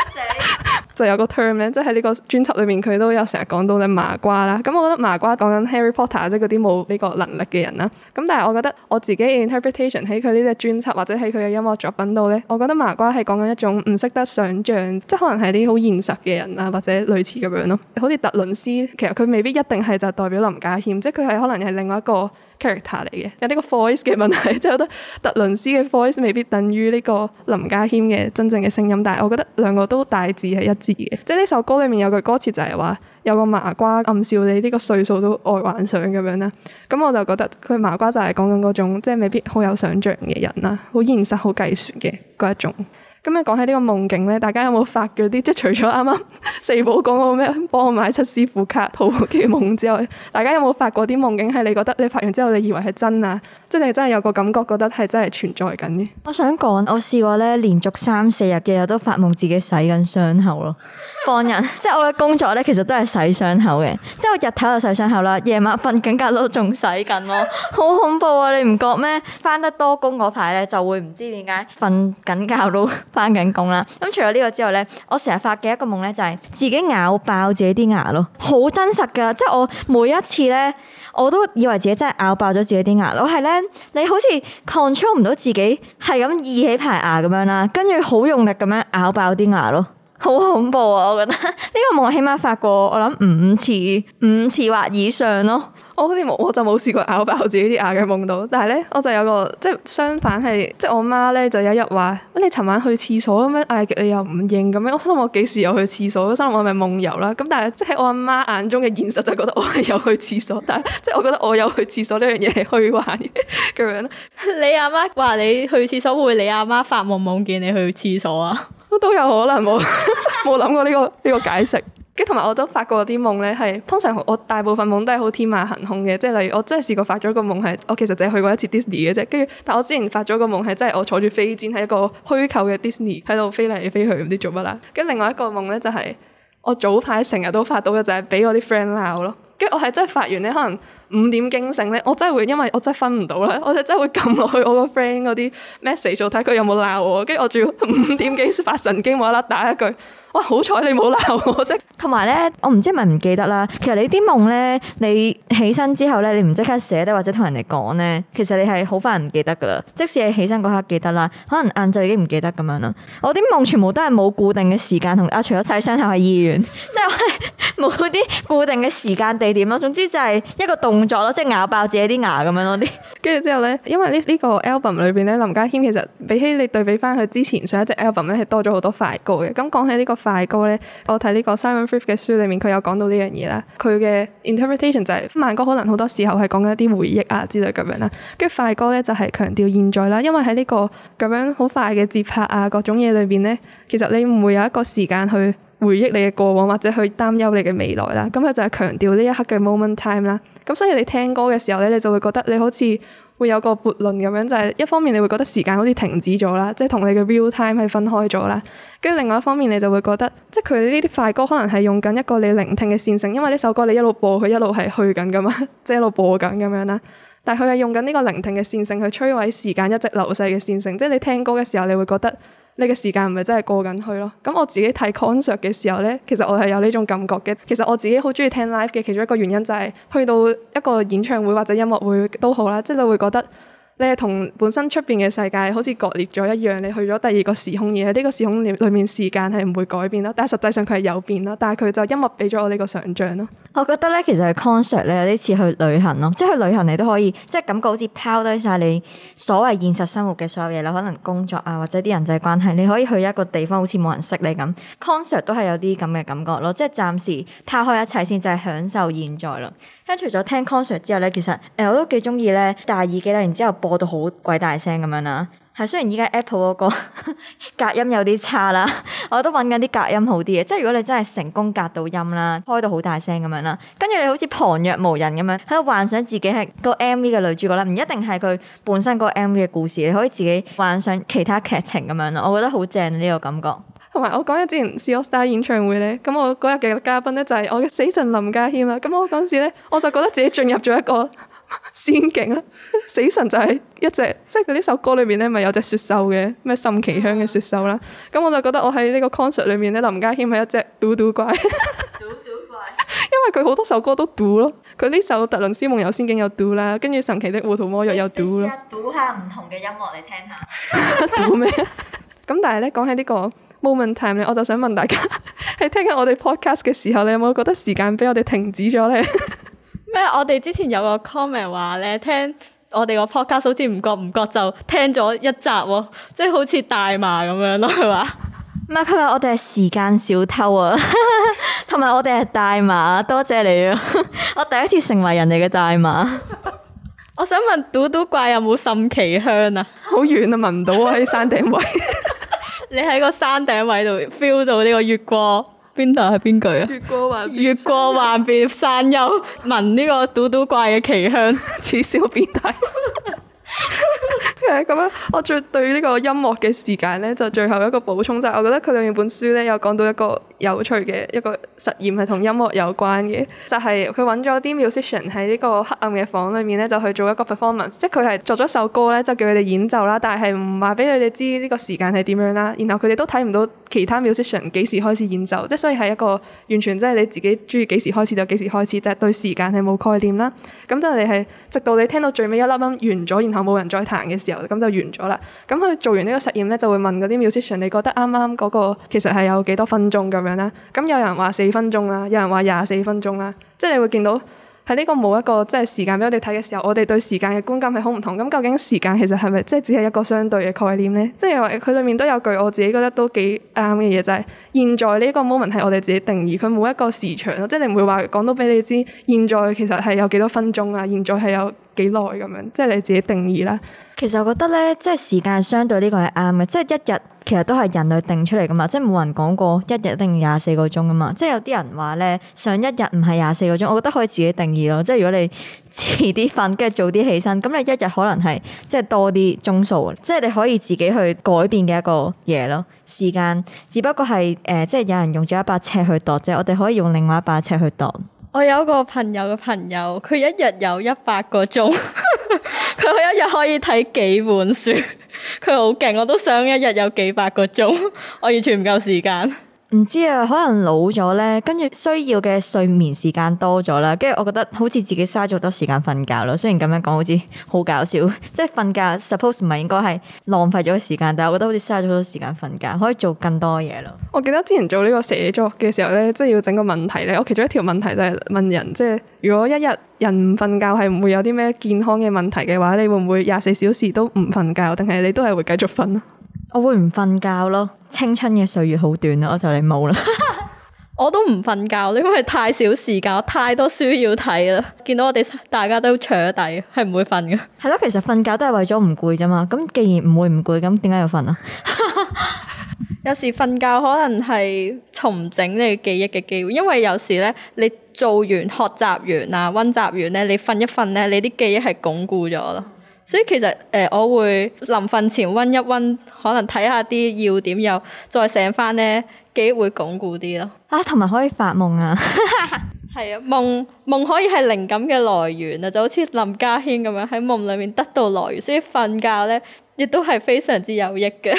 就有個 term 咧，即係呢個專輯裏面佢都有成日講到咧麻瓜啦。咁我覺得麻瓜講緊 Harry Potter 即係嗰啲冇呢個能力嘅人啦。咁但係我覺得我自己 interpretation 喺佢呢隻專輯或者喺佢嘅音樂作品度咧，我覺得麻瓜係講緊一種唔識得想像，即係可能係啲好現實嘅人啊，或者類似咁樣咯。好似特倫斯，其實佢未必一定係就代表林家謙，即係佢係可能係另外一個。character 嚟嘅，有呢個 voice 嘅問題，即我覺得特倫斯嘅 voice 未必等於呢個林家謙嘅真正嘅聲音，但係我覺得兩個都大致係一致嘅。即係呢首歌裡面有句歌詞就係話，有個麻瓜暗笑你呢個歲數都愛幻想咁樣啦。咁我就覺得佢麻瓜就係講緊嗰種，即係未必好有想像嘅人啦，好現實、好計算嘅嗰一種。咁你講起呢個夢境咧，大家有冇發過啲？即係除咗啱啱四寶講嗰咩幫我買七師傅卡淘寶嘅夢之外，大家有冇發過啲夢境係你覺得你發完之後你以為係真啊？即係你真係有個感覺，覺得係真係存在緊嘅。我想講，我試過咧連續三四日嘅日都發夢自己洗緊傷口咯，幫人， 即係我嘅工作咧其實都係洗傷口嘅，即係我日頭就洗傷口啦，夜晚瞓緊覺都仲洗緊咯， 好恐怖啊！你唔覺咩？返得多工嗰排咧就會唔知點解瞓緊覺都。 翻緊工啦，咁除咗呢個之外呢，我成日發嘅一個夢呢，就係自己咬爆自己啲牙咯，好真實噶，即係我每一次呢，我都以為自己真係咬爆咗自己啲牙咯，我係呢，你好似 control 唔到自己，係咁移起排牙咁樣啦，跟住好用力咁樣咬爆啲牙咯，好恐怖啊！我覺得呢個夢我起碼發過我諗五次、五次或以上咯。我好似冇，我就冇試過咬爆自己啲牙嘅夢到。但係咧，我就有個即係相反係，即係我媽咧就有一日話，咁你尋晚去廁所咁樣，哎、啊，你又唔認咁樣。我心諗我幾時有去廁所？我心諗我係咪夢遊啦？咁但係即係喺我阿媽，媽眼中嘅現實就覺得我係有去廁所，但係即係我覺得我有去廁所呢樣嘢係虛幻嘅咁樣。 你阿媽話你去廁所會，你阿媽，媽發夢夢見你去廁所啊？都有可能冇冇諗過呢、呢個呢、呢個解釋。跟住同埋我都發過啲夢呢，係通常我大部分夢都係好天馬行空嘅，即係例如我真係試過發咗個夢係，我其實淨係去過一次 Disney 嘅啫。跟住，但我之前發咗個夢係真係我坐住飛氈喺一個虛構嘅 Disney 喺度飛嚟飛去唔知做乜啦。跟住另外一個夢呢，就係、是、我早排成日都發到嘅就係、是、俾我啲 friend 鬧咯。跟住我係真係發完呢，可能。五點驚醒咧，我真係會因為我真係分唔到啦，我就真係會撳落去我個 friend 嗰啲 message 睇佢有冇鬧我，跟住我仲要五點幾發神經冇啦啦打一句，哇！好彩你冇鬧我啫。同埋咧，我唔知係咪唔記得啦。其實你啲夢咧，你起身之後咧，你唔即刻寫得或者同人哋講咧，其實你係好快唔記得噶啦。即使你起身嗰刻記得啦，可能晏晝已經唔記得咁樣啦。我啲夢全部都係冇固定嘅時間同除咗洗傷口喺醫院，即係冇啲固定嘅時間地點咯。總之就係一個動動作咯，即係咬爆自己啲牙咁樣咯啲。跟 住樂之後呢，因為呢呢個 album 裏邊呢，林家謙其實比起你對比翻佢之前上一隻 album 呢，係多咗好多快歌嘅。咁講起呢個快歌呢，我睇呢個 Simon Frith 嘅書裏面，佢有講到呢樣嘢啦。佢嘅 interpretation 就係慢歌可能好多時候係講緊一啲回憶啊之類咁樣啦，跟住快歌呢，就係強調現在啦。因為喺呢個咁樣好快嘅節拍啊，各種嘢裏邊呢，其實你唔會有一個時間去。回憶你嘅過往，或者去擔憂你嘅未來啦。咁佢就係強調呢一刻嘅 moment time 啦。咁所以你聽歌嘅時候呢，你就會覺得你好似會有個悖論咁樣，就係、是、一方面你會覺得時間好似停止咗啦，即係同你嘅 real time 係分開咗啦。跟住另外一方面，你就會覺得即係佢呢啲快歌可能係用緊一個你聆聽嘅線性，因為呢首歌你一路播佢一路係去緊噶嘛，即係一路播緊咁樣啦。但係佢係用緊呢個聆聽嘅線性去摧毀時間一直流逝嘅線性，即係你聽歌嘅時候，你會覺得。你嘅時間係咪真係過緊去咯？咁我自己睇 concert 嘅時候呢，其實我係有呢種感覺嘅。其實我自己好中意聽 live 嘅，其中一個原因就係去到一個演唱會或者音樂會都好啦，即你會覺得。你係同本身出面嘅世界好似割裂咗一樣，你去咗第二個時空而喺呢個時空裏面時間係唔會改變咯，但係實際上佢係有變咯，但係佢就音樂俾咗我呢個想像咯。我覺得呢，其實喺 concert 咧有啲似去旅行咯，即係去旅行你都可以，即係感覺好似拋低晒你所謂現實生活嘅所有嘢啦，可能工作啊或者啲人際關係，你可以去一個地方好似冇人識你咁。concert 都係有啲咁嘅感覺咯，即係暫時拋開一切先，就係享受現在咯。跟住除咗聽 concert 之後呢，其實誒我都幾中意呢。戴耳機啦，然之後播到好鬼大聲咁樣啦，係雖然依家 Apple 嗰個 隔音有啲差啦，我都搵緊啲隔音好啲嘅，即係如果你真係成功隔到音啦，開到好大聲咁樣啦，跟住你好似旁若無人咁樣喺度幻想自己係個 MV 嘅女主角啦，唔一定係佢本身個 MV 嘅故事，你可以自己幻想其他劇情咁樣咯，我覺得好正呢個感覺。同埋我講緊之前 C AllStar 演唱會呢，咁我嗰日嘅嘉賓呢，就係我嘅死神林家謙啦，咁我嗰陣時呢我就覺得自己進入咗一個。仙境啦，死神就係一隻，即係佢呢首歌裏面咧，咪有隻雪獸嘅咩滲奇香嘅雪獸啦。咁、啊、我就覺得我喺呢個 concert 裏面咧，林家謙係一隻嘟嘟怪，嘟嘟怪，因為佢好多首歌都嘟咯。佢呢首《特倫斯夢遊仙境》又嘟啦，跟住《神奇的糊塗魔藥》又嘟啦。嘟下唔同嘅音樂嚟聽下，嘟 咩 什麼？咁 但係咧，講起呢個 moment time 咧，我就想問大家，喺聽緊我哋 podcast 嘅時候，你有冇覺得時間俾我哋停止咗咧？ .咩？我哋之前有個 comment 話咧，聽我哋個 podcast 好似唔覺唔覺就聽咗一集喎，即係好似大麻咁樣咯，係嘛？唔係佢話我哋係時間小偷啊，同埋 我哋係大麻，多謝你啊！我第一次成為人哋嘅大麻！ 我想問嘟嘟怪有冇滲奇香啊？好遠啊，聞唔到啊！喺山頂位， 你喺個山頂位度 feel 到呢個月光。邊度係邊句啊？越過萬越過幻變山丘，聞呢 個嘟嘟怪嘅奇香，至小變態。係咁樣， 對我最對呢個音樂嘅時間呢，就最後一個補充就係、是，我覺得佢裡面本書呢，有講到一個有趣嘅一個實驗係同音樂有關嘅，就係佢揾咗啲 musician 喺呢個黑暗嘅房裡面呢，就去做一個 performance，即係佢係作咗首歌呢，就叫佢哋演奏啦，但係唔話俾佢哋知呢個時間係點樣啦，然後佢哋都睇唔到其他 musician 幾時開始演奏，即、就、係、是、所以係一個完全即係你自己鍾意幾時開始就幾時開始，就係、是、對時間係冇概念啦。咁就你係直到你聽到最尾一粒音完咗，然後。冇人再彈嘅時候，咁就完咗啦。咁佢做完呢個實驗呢，就會問嗰啲 musician：你覺得啱啱嗰個其實係有幾多分鐘咁樣咧？咁有人話四分鐘啦，有人話廿四分鐘啦。即係你會見到喺呢個冇一個即係時間俾我哋睇嘅時候，我哋對時間嘅觀感係好唔同。咁究竟時間其實係咪即係只係一個相對嘅概念呢？即係佢裡面都有句我自己覺得都幾啱嘅嘢，就係現在呢個 moment 係我哋自己定義，佢冇一個時長，即係你唔會話講到俾你知現在其實係有幾多分鐘啊，現在係有。幾耐咁樣，即係你自己定義啦。其實我覺得呢，即係時間相對呢個係啱嘅。即係一日其實都係人類定出嚟噶嘛，即係冇人講過一日定廿四個鐘噶嘛。即係有啲人話呢，想一日唔係廿四個鐘，我覺得可以自己定義咯。即係如果你遲啲瞓，跟住早啲起身，咁你一日可能係即係多啲鐘數，即係你可以自己去改變嘅一個嘢咯。時間只不過係誒、呃，即係有人用咗一把尺去度即係，我哋可以用另外一把尺去度。我有一個朋友嘅朋友，佢一日有一百個鐘，佢 可一日可以睇幾本書，佢好勁，我都想一日有幾百個鐘， 我完全唔夠時間。唔知啊，可能老咗咧，跟住需要嘅睡眠時間多咗啦，跟住我覺得好似自己嘥咗好多時間瞓覺咯。雖然咁樣講，好似好搞笑，即係瞓覺，suppose 唔係應該係浪費咗個時間，但係我覺得好似嘥咗好多時間瞓覺，可以做更多嘢咯。我記得之前做呢個寫作嘅時候咧，即係要整個問題咧，我其中一條問題就係問人，即係如果一日人唔瞓覺係唔會有啲咩健康嘅問題嘅話，你會唔會廿四小時都唔瞓覺，定係你都係會繼續瞓？我會唔瞓覺咯。青春嘅歲月好短啦，我就嚟冇啦。我都唔瞓覺，因為太少時間，我太多書要睇啦。見到我哋大家都扯底，係唔會瞓嘅。係咯，其實瞓覺都係為咗唔攰啫嘛。咁既然唔會唔攰，咁點解要瞓啊？有時瞓覺可能係重整你記憶嘅機會，因為有時咧，你做完學習完啊，溫習完咧，你瞓一瞓咧，你啲記憶係鞏固咗啦。所以其實誒、呃，我會臨瞓前温一温，可能睇下啲要點又，又再醒翻咧，記憶會鞏固啲咯。啊，同埋可以發夢啊，係 啊，夢夢可以係靈感嘅來源啊，就好似林家謙咁樣喺夢裡面得到來源，所以瞓覺咧。亦都係非常之有益嘅。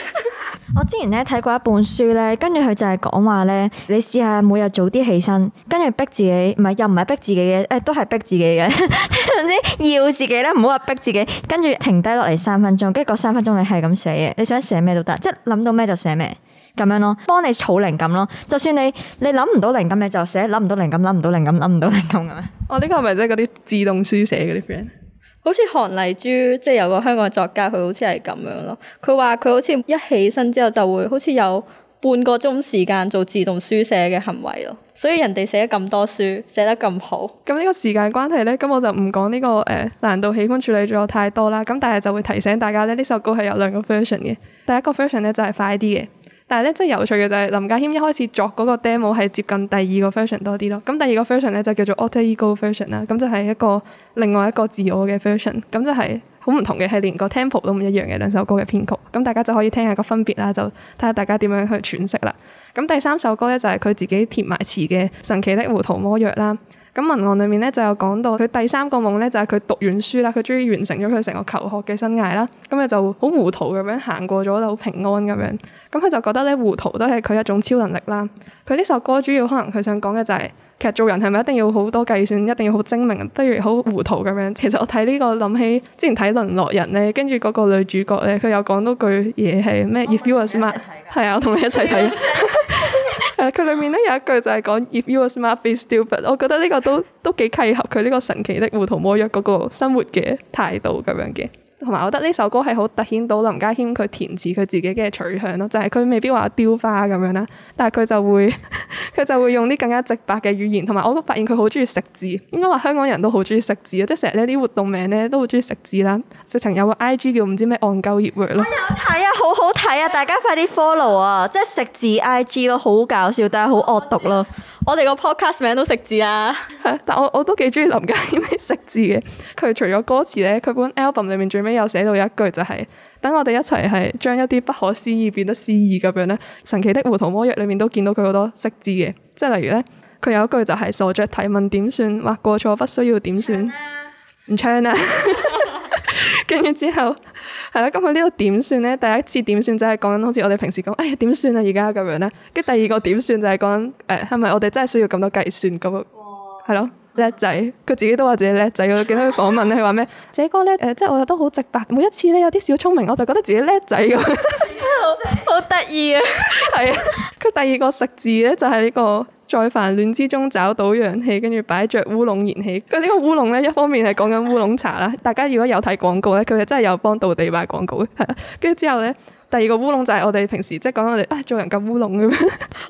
我之前咧睇過一本書咧，跟住佢就係講話咧，你試下每日早啲起身，跟住逼自己，唔係又唔係逼自己嘅，誒、欸、都係逼自己嘅。點 知要自己咧，唔好話逼自己，跟住停低落嚟三分鐘，跟住嗰三分鐘你係咁寫嘅，你想寫咩都得，即係諗到咩就寫咩咁樣咯，幫你儲靈感咯。就算你你諗唔到靈感，你就寫諗唔到靈感，諗唔到靈感，諗唔到靈感咁樣！我呢個係咪即係嗰啲自動書寫嗰啲 friend？好似韓麗珠，即係有個香港作家，佢好似係咁樣咯。佢話佢好似一起身之後就會好似有半個鐘時，時間做自動書寫嘅行為咯。所以人哋寫咁多書，寫得咁好。咁呢個時間關係咧，咁我就唔講呢個誒、呃、難道喜歡處理咗太多啦。咁但係就會提醒大家咧，呢首歌係有兩個 version 嘅。第一個 version 咧就係快啲嘅。但係咧，真係有趣嘅就係林家謙一開始作嗰個 demo 係接近第二個 version 多啲咯。咁第二個 version 咧就叫做 Alter Ego version 啦，咁就係一個另外一個自我嘅 version。咁就係好唔同嘅，係連個 tempo 都唔一樣嘅兩首歌嘅編曲。咁大家就可以聽下個分別啦，就睇下大家點樣去詮釋啦。咁第三首歌咧就係佢自己填埋詞嘅《神奇的糊塗魔藥》啦。咁文案裏面呢，就有講到佢第三個夢呢，就係佢讀完書啦，佢終於完成咗佢成個求學嘅生涯啦。咁佢就好糊塗咁樣行過咗，就好平安咁樣。咁佢就覺得呢，糊塗都係佢一種超能力啦。佢呢首歌主要可能佢想講嘅就係其實做人係咪一定要好多計算，一定要好精明，不如好糊塗咁樣。其實我睇呢個諗起之前睇《淪落人》呢，跟住嗰個女主角呢，佢有講到句嘢係咩 If you are smart，係啊，我同你一齊睇。 誒，佢裏面咧有一句就係講 If you are smart, be stupid。我覺得呢個都都幾契合佢呢個神奇的糊塗魔藥嗰個生活嘅態度咁樣嘅。同埋，我覺得呢首歌係好突顯到林家謙佢填詞佢自己嘅取向咯，就係、是、佢未必話雕花咁樣啦，但係佢就會佢 就會用啲更加直白嘅語言。同埋，我都發現佢好中意食字，應該話香港人都好中意食字啊，即係成日呢啲活動名咧都好中意食字啦。直情有個 I G 叫唔知咩憨鳩業員咯，我有睇啊，好好睇啊，大家快啲 follow 啊，即係食字 I G 咯，好搞笑，但係好惡毒咯、啊。我哋個 podcast 名都食字啊！ 但我我都幾中意林家謙食字嘅。佢除咗歌詞呢，佢本 album 裏面最尾有寫到一句就係、是：等我哋一齊係將一啲不可思議變得詩意咁樣呢，神奇的糊塗魔藥裏面都見到佢好多食字嘅，即係例如呢，佢有一句就係、是、 傻着提問點算，或、啊、過錯不需要點算，唔唱啦、啊。 跟住之後，係、嗯、啦，咁佢呢個點算咧？第一次點算就係講緊好似我哋平時講，哎呀點算啊，而家咁樣咧。跟住第二個點算就係講緊，誒係咪我哋真係需要咁多計算咁？係、嗯、咯，叻、哦嗯、仔，佢自己都話自己叻仔。我見到佢訪問咧，佢話咩？這個咧，誒、呃、即係我覺得好直白。每一次咧，有啲小聰明，我就覺得自己叻仔咁，好得意啊。係啊，佢第二個食字咧就係、是、呢、呢個。在煩亂之中找到氧氣，跟住擺着烏龍燃氣。佢呢個烏龍咧，一方面係講緊烏龍茶啦。 大家如果有睇廣告咧，佢哋真係有幫道地賣廣告，跟住 之後咧，第二個烏龍就係我哋平時即係講我哋啊、哎、做人咁烏龍咁。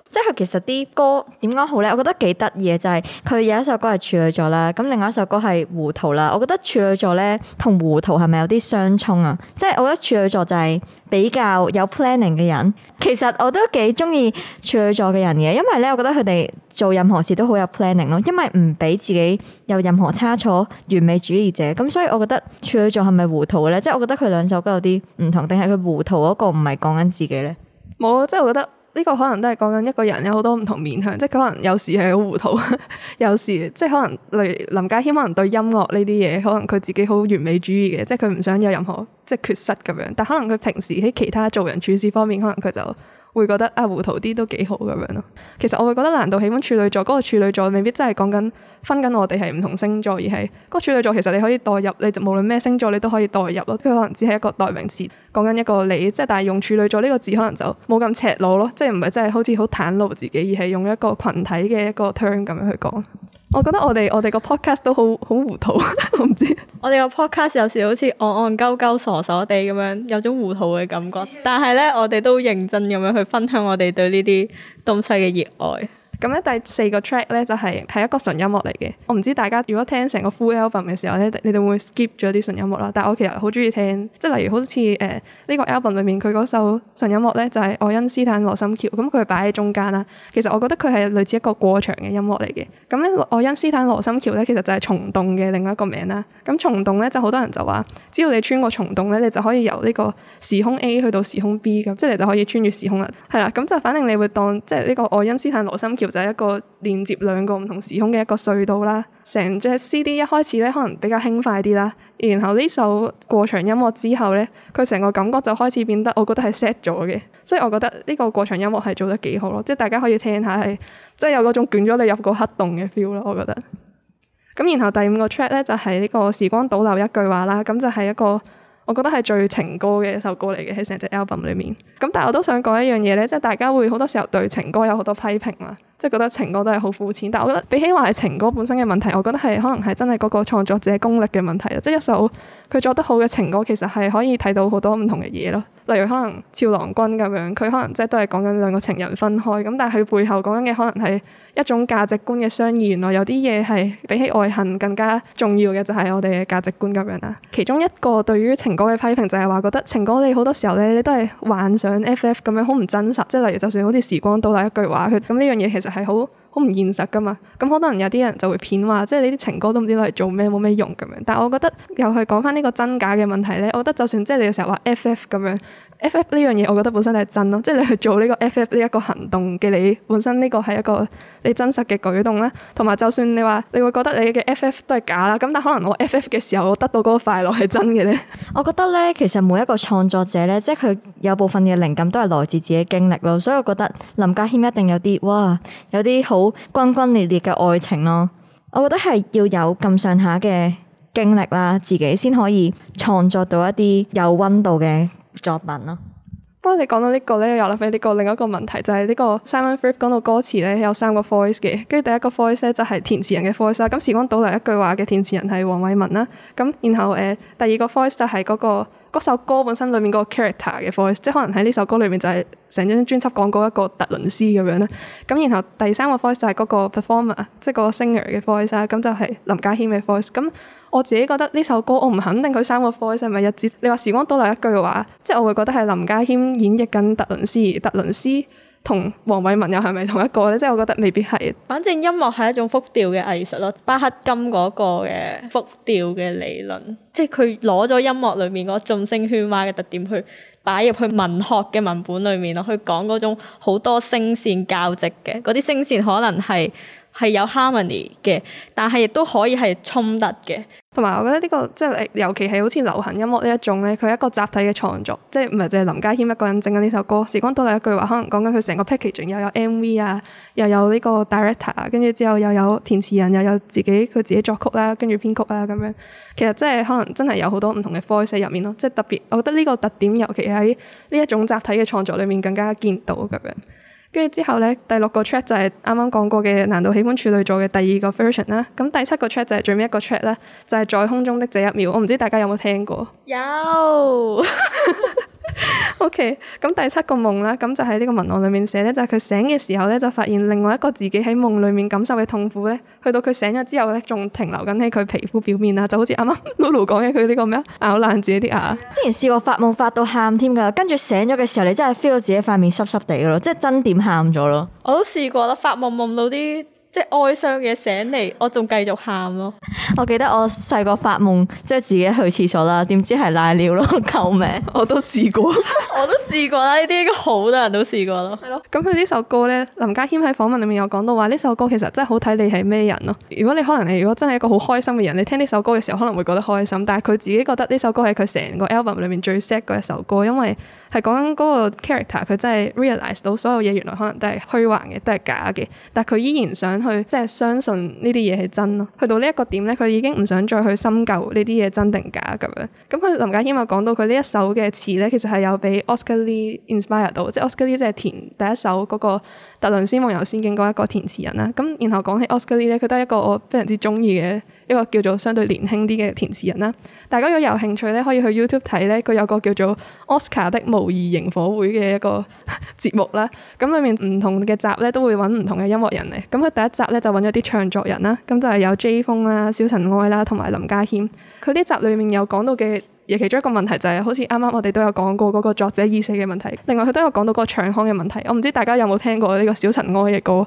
即係其實啲歌點講好咧？我覺得幾得意嘅就係、是、佢有一首歌係處女座啦，咁另外一首歌係糊塗啦。我覺得處女座咧同糊塗係咪有啲相沖啊？即係我覺得處女座就係、是。比較有 planning 嘅人，其實我都幾中意處女座嘅人嘅，因為呢，我覺得佢哋做任何事都好有 planning 咯，因為唔俾自己有任何差錯，完美主義者，咁所以我覺得處女座係咪糊塗呢？即係我覺得佢兩首歌有啲唔同，定係佢糊塗嗰個唔係講緊自己呢？冇，即係我真係覺得。呢個可能都係講緊一個人有好多唔同面向，即係佢可能有時係好糊塗， 有時即係可能例如對林家謙可能對音樂呢啲嘢，可能佢自己好完美主義嘅，即係佢唔想有任何即係缺失咁樣。但可能佢平時喺其他做人處事方面，可能佢就會覺得啊糊塗啲都幾好咁樣咯。其實我會覺得難道喜歡處女座，嗰個處女座未必真係講緊。分緊我哋係唔同星座，而係個處女座其實你可以代入，你就無論咩星座你都可以代入咯。佢可能只係一個代名詞，講緊一個你，即係但係用處女座呢個字可能就冇咁赤裸咯，即係唔係真係好似好袒露自己，而係用一個群體嘅一個 term 咁樣去講。我覺得我哋我哋個 podcast 都好好糊塗， 我唔知我哋個 podcast 有時好似戇戇鳩鳩傻傻地咁樣，有種糊塗嘅感覺。但係咧，我哋都認真咁樣去分享我哋對呢啲東西嘅熱愛。咁咧第四個 track 咧就係係一個純音樂嚟嘅。我唔知大家如果聽成個 full album 嘅時候咧，你哋會 skip 咗啲純音樂啦，但係我其實好中意聽，即係例如好似誒呢個 album 裏面佢嗰首純音樂咧，就是，就係愛因斯坦羅森橋，咁佢係擺喺中間啦。其實我覺得佢係類似一個過場嘅音樂嚟嘅。咁咧愛因斯坦羅森橋咧，其實就係蟲洞嘅另外一個名啦。咁蟲洞咧就好多人就話只要你穿過蟲洞咧，你就可以由呢個時空 A 去到時空 B 咁，即係你就可以穿越時空啦。係啦，咁就反正你會當即係呢個愛因斯坦羅森橋。就係一個連結兩個唔同時空嘅一個隧道啦。成隻 CD 一開始呢，可能比較輕快啲啦。然後呢首過場音樂之後呢，佢成個感覺就開始變得我覺得係 set 咗嘅。所以我覺得呢個過場音樂係做得幾好咯，即係大家可以聽下係，即係有嗰種捲咗你入個黑洞嘅 feel 咯。我覺得。咁然後第五個 track 呢就係呢個時光倒流一句話啦。咁就係一個我覺得係最情歌嘅一首歌嚟嘅喺成隻 album 裏面。咁但係我都想講一樣嘢呢，即係大家會好多時候對情歌有好多批評啦。即係覺得情歌都係好膚淺，但係我覺得比起話係情歌本身嘅問題，我覺得係可能係真係嗰個創作者功力嘅問題。即係一首佢作得好嘅情歌，其實係可以睇到好多唔同嘅嘢咯。例如可能《俏郎君》咁樣，佢可能即係都係講緊兩個情人分開，咁但係佢背後講緊嘅可能係一種價值觀嘅商議。原來有啲嘢係比起愛恨更加重要嘅，就係我哋嘅價值觀咁樣啦。其中一個對於情歌嘅批評就係話，覺得情歌你好多時候呢，你都係幻想 FF 咁樣，好唔真實。即係例如，就算好似《時光倒流》一句話，佢咁呢樣嘢其實係好。好唔現實噶嘛？咁可能有啲人就會偏話，即係你啲情歌都唔知攞嚟做咩，冇咩用咁樣。但係我覺得又係講翻呢個真假嘅問題呢，我覺得就算即係你成日話 FF 咁樣，FF 呢樣嘢我覺得本身係真咯。即係你去做呢個 FF 呢一個行動嘅你，本身呢個係一個你真實嘅舉動啦。同埋就算你話你會覺得你嘅 FF 都係假啦，咁但可能我 FF 嘅時候我得，得到嗰個快樂係真嘅呢。我覺得呢，其實每一個創作者呢，即係佢有部分嘅靈感都係來自自己經歷咯。所以我覺得林家謙一定有啲哇，有啲好。好轟轟烈烈嘅愛情咯，我覺得係要有咁上下嘅經歷啦，自己先可以創作到一啲有温度嘅作品咯。不過你講到呢、這個咧，又諗起呢個另一個問題，就係、是、呢個 Simon Frith 講到歌詞呢，有三個 voice 嘅，跟住第一個 voice 呢，就係填詞人嘅 voice 啦。咁時光倒流一句話嘅填詞人係黃偉文啦。咁然後誒、呃，第二個 voice 就係嗰、那個。嗰首歌本身裏面嗰個 character 嘅 voice，即係可能喺呢首歌裏面就係成張專輯講過一個特倫斯咁樣啦。咁然後第三個 voice 就係嗰個 p e r f o r m e r 即係嗰個 singer 嘅 voice 啦。咁就係林家謙嘅 voice。咁我自己覺得呢首歌我唔肯定佢三個 voice 係咪日子。你話時光倒流一句話，即係我會覺得係林家謙演繹緊特倫斯。特倫斯。同黃偉文又係咪同一個咧？即係我覺得未必係。反正音樂係一種復調嘅藝術咯，巴赫金嗰個嘅復調嘅理論，即係佢攞咗音樂裏面嗰個眾聲喧嘩嘅特點去擺入去文學嘅文本裏面咯，去講嗰種好多聲線交織嘅嗰啲聲線可能係。係有 harmony 嘅，但係亦都可以係衝突嘅。同埋我覺得呢個即係尤其係好似流行音樂呢一種呢，佢一個集體嘅創作，即係唔係淨係林家謙一個人整緊呢首歌。時光倒流一句話，可能講緊佢成個 package，又有 MV 啊，又有呢個 director，跟住之後又有填詞人，又有自己佢自己作曲啦，跟住編曲啦咁樣。其實真係可能真係有好多唔同嘅 voice 入面咯。即係特別，我覺得呢個特點尤其喺呢一種集體嘅創作裏面更加見到咁樣。跟住之後咧，第六個 track 就係啱啱講過嘅難道喜歡處女座嘅第二個 version 啦。咁第七個 track 就係最尾一個 track 啦，就是，就係在空中的這一秒。我唔知大家有冇聽過？有。 O.K. 咁第七個夢啦，咁就喺呢個文案裏面寫咧，就係佢醒嘅時候咧，就發現另外一個自己喺夢裏面感受嘅痛苦咧，去到佢醒咗之後咧，仲停留緊喺佢皮膚表面啊，就好似啱啱 Lulu 講嘅佢呢個咩咬爛自己啲牙。之前試過發夢發到喊添噶，跟住醒咗嘅時候，你真係 feel 到自己塊面濕濕地咯，即係真點喊咗咯。我都試過啦，發夢夢到啲。即係哀傷嘅醒嚟，我仲繼續喊咯。我記得我細個發夢，即係自己去廁所啦，點知係瀨尿咯，救命！我都試過， 過，我都試過啦。呢啲應該好多人都試過咯。係咯。咁佢呢首歌呢？林家謙喺訪問裏面有講到話，呢首歌其實真係好睇你係咩人咯。如果你可能係如果真係一個好開心嘅人，你聽呢首歌嘅時候可能會覺得開心。但係佢自己覺得呢首歌係佢成個 album 裏面最 sad 嗰一首歌，因為係講緊嗰個 character，佢真係 realize 到所有嘢，原來可能都係虛幻嘅，都係假嘅。但佢依然想。去即係相信呢啲嘢係真咯，去到呢一個點呢，佢已經唔想再去深究呢啲嘢真定假咁樣。咁佢林家謙又講到佢呢一首嘅詞呢，其實係有俾 Oscar Lee inspire 到，即係 Oscar Lee 即係填第一首嗰個《特倫斯夢遊仙境》嗰一個填詞人啦。咁然後講起 Oscar Lee 呢，佢都係一個我非常之中意嘅。一個叫做相對年輕啲嘅填詞人啦，大家如果有興趣咧，可以去 YouTube 睇咧，佢有個叫做 Oscar 的模擬營火會嘅一個節目啦。咁裏面唔同嘅集咧都會揾唔同嘅音樂人嚟。咁佢第一集咧就揾咗啲唱作人啦，咁就係、是、有 Jay Fung 啦、小塵埃啦、同埋林家謙。佢呢集裏面有講到嘅嘢，其中一個問題就係、是、好似啱啱我哋都有講過嗰個作者已死嘅問題。另外佢都有講到嗰個唱腔嘅問題。我唔知大家有冇聽過呢個小塵埃嘅歌。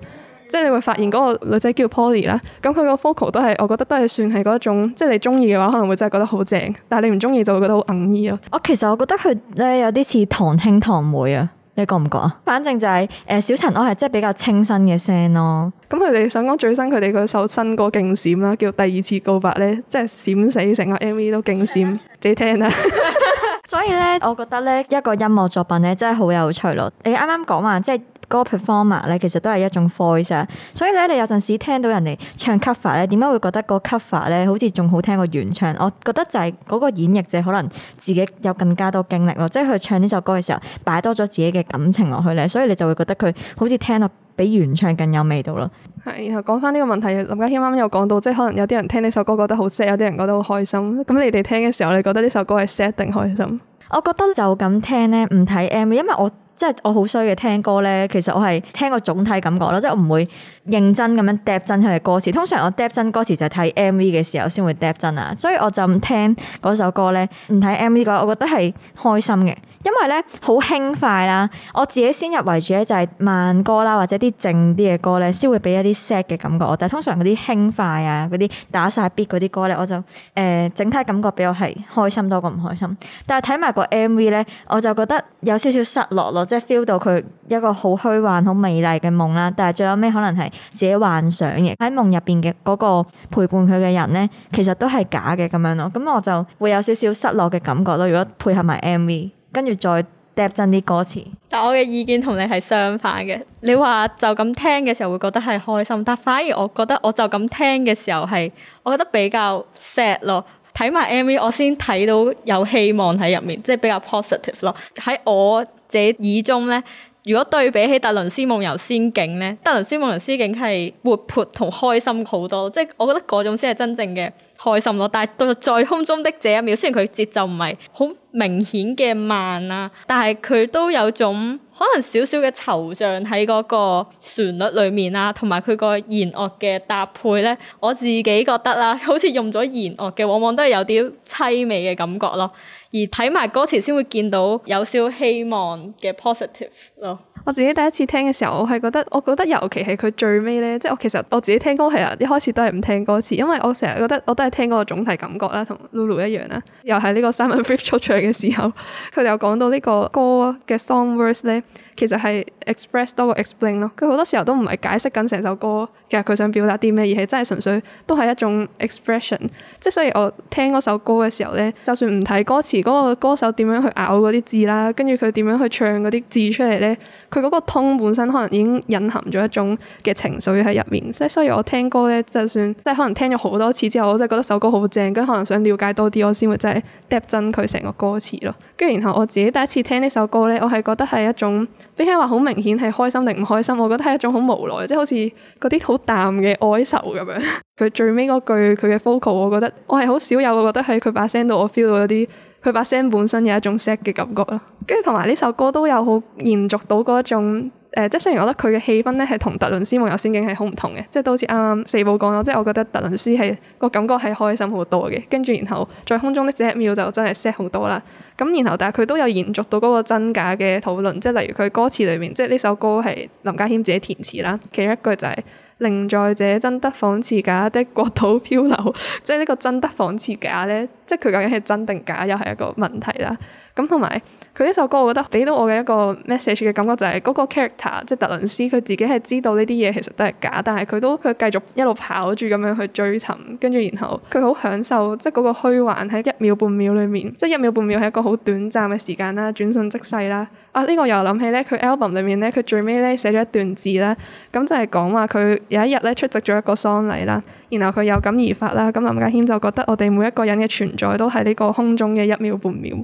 即係你會發現嗰個女仔叫 Polly 啦，咁佢個 focal 都係，我覺得都係算係嗰一種，即係你中意嘅話，可能會真係覺得好正，但係你唔中意就會覺得好硬意咯。我、哦、其實我覺得佢咧有啲似堂兄堂妹啊，你覺唔覺啊？反正就係、是、誒、呃，小塵埃係即係比較清新嘅聲咯。咁佢哋想講最新佢哋個首新歌《勁閃》啦，叫《第二次告白》咧，即係閃死成個 MV 都勁閃，自己聽啦。嗯、 所以咧，我覺得咧一個音樂作品咧真係好有趣咯。你啱啱講話，即係。歌 performer 咧，其實都係一種 voice 啊。所以咧，你有陣時聽到人哋唱 cover 咧，點解會覺得個 cover 咧好似仲好聽過原唱？我覺得就係嗰個演繹者可能自己有更加多經歷咯，即係佢唱呢首歌嘅時候擺多咗自己嘅感情落去咧，所以你就會覺得佢好似聽到比原唱更有味道咯。係，然後講翻呢個問題，林家謙啱啱又講到，即係可能有啲人聽呢首歌覺得好 sad，有啲人覺得好開心。咁你哋聽嘅時候，你覺得呢首歌係 sad 定開心？我覺得就咁聽咧，唔睇 M，A, 因為我。即係我好衰嘅，聽歌咧，其實我係聽個總體感覺咯，即係我唔會認真咁樣嗒真佢嘅歌詞。通常我嗒真歌詞就係睇 MV 嘅時候先會嗒真啊，所以我就唔聽嗰首歌咧，唔睇 MV 嘅話，我覺得係開心嘅，因為咧好輕快啦。我自己先入為主咧，就係慢歌啦，或者啲靜啲嘅歌咧，先會俾一啲 sad 嘅感覺。但係通常嗰啲輕快啊，嗰啲打晒 beat 嗰啲歌咧，我就誒、呃、整體感覺比較係開心多過唔開心。但係睇埋個 MV 咧，我就覺得有少少失落咯。即係 feel 到佢一個好虛幻，好美麗嘅夢啦，但係最後尾可能係自己幻想嘅，喺夢入邊嘅嗰個陪伴佢嘅人咧，其實都係假嘅咁樣咯。咁我就會有少少失落嘅感覺咯。如果配合埋 MV，跟住再 add 真啲歌詞，但我嘅意見同你係相反嘅。你話就咁聽嘅時候會覺得係開心，但反而我覺得我就咁聽嘅時候係，我覺得比較 sad 咯。睇埋 MV，我先睇到有希望喺入面，即係比較 positive 咯。喺我者耳中咧，如果對比起《特倫斯夢遊仙境》咧，《特倫斯夢遊仙境》係活潑同開心好多，即我覺得嗰種先係真正嘅。開心咯！但係到在空中的這一秒，雖然佢節奏唔係好明顯嘅慢啊，但係佢都有種可能少少嘅惆悵喺嗰個旋律裏面啊，同埋佢個弦樂嘅搭配咧，我自己覺得啦，好似用咗弦樂嘅，往往都係有啲淒美嘅感覺咯。而睇埋歌詞先會見到有少少希望嘅 positive 咯。我自己第一次聽嘅時候，我係覺得，我覺得尤其係佢最尾呢。即係我其實我自己聽歌係啊，一開始都係唔聽歌詞，因為我成日覺得我都係聽嗰個總體感覺啦，同 Lulu 一樣啦，又係呢個 Simon Frith 出場嘅時候，佢哋又講到呢個歌嘅 Song Words 呢。其實係 express 多過 explain 咯，佢好多時候都唔係解釋緊成首歌其實佢想表達啲咩，而係真係純粹都係一種 expression。即係所以我聽嗰首歌嘅時候呢，就算唔睇歌詞，嗰個歌手點樣去咬嗰啲字啦，跟住佢點樣去唱嗰啲字出嚟呢，佢嗰個通本身可能已經隱含咗一種嘅情緒喺入面。即係所以我聽歌呢，就算即係可能聽咗好多次之後，我真係覺得首歌好正，跟住可能想了解多啲，我先會真係嗒真佢成個歌詞咯。跟住然後我自己第一次聽呢首歌呢，我係覺得係一種。比起話好明顯係開心定唔開心，我覺得係一種好無奈，即係好似嗰啲好淡嘅哀愁咁樣。佢 最尾嗰句佢嘅 vocal，我覺得我係好少有我覺得係佢把聲度我 feel 到有啲，佢把聲本身有一種 sad 嘅感覺啦。跟住同埋呢首歌都有好延續到嗰種。誒，即係雖然我覺得佢嘅氣氛呢係同《特倫斯夢遊仙境》係好唔同嘅，即係都好似啱啱四寶講咯，即係我覺得《特倫斯》係個感覺係開心好多嘅，跟住然後在空中的這一秒就真係 sad 好多啦。咁然後但係佢都有延續到嗰個真假嘅討論，即係例如佢歌詞裏面，即係呢首歌係林家謙自己填詞啦，其中一句就係、是「寧在這真得仿似假的國土漂流」，即係呢個真得仿似假呢，即係佢究竟係真定假又係一個問題啦。咁同埋。佢呢首歌，我覺得俾到我嘅一個 message 嘅感覺就係嗰個 character，即係特倫斯，佢自己係知道呢啲嘢其實都係假，但係佢都佢繼續一路跑住咁樣去追尋，跟住然後佢好享受，即係嗰個虛幻喺一秒半秒裏面，即係一秒半秒係一個好短暫嘅時間啦，轉瞬即逝啦。啊，呢個又諗起呢，佢 album 裏面呢，佢最尾呢寫咗一段字啦，咁就係講話佢有一日呢出席咗一個喪禮啦，然後佢有感而發啦，咁林家謙就覺得我哋每一個人嘅存在都係呢個空中嘅一秒半秒。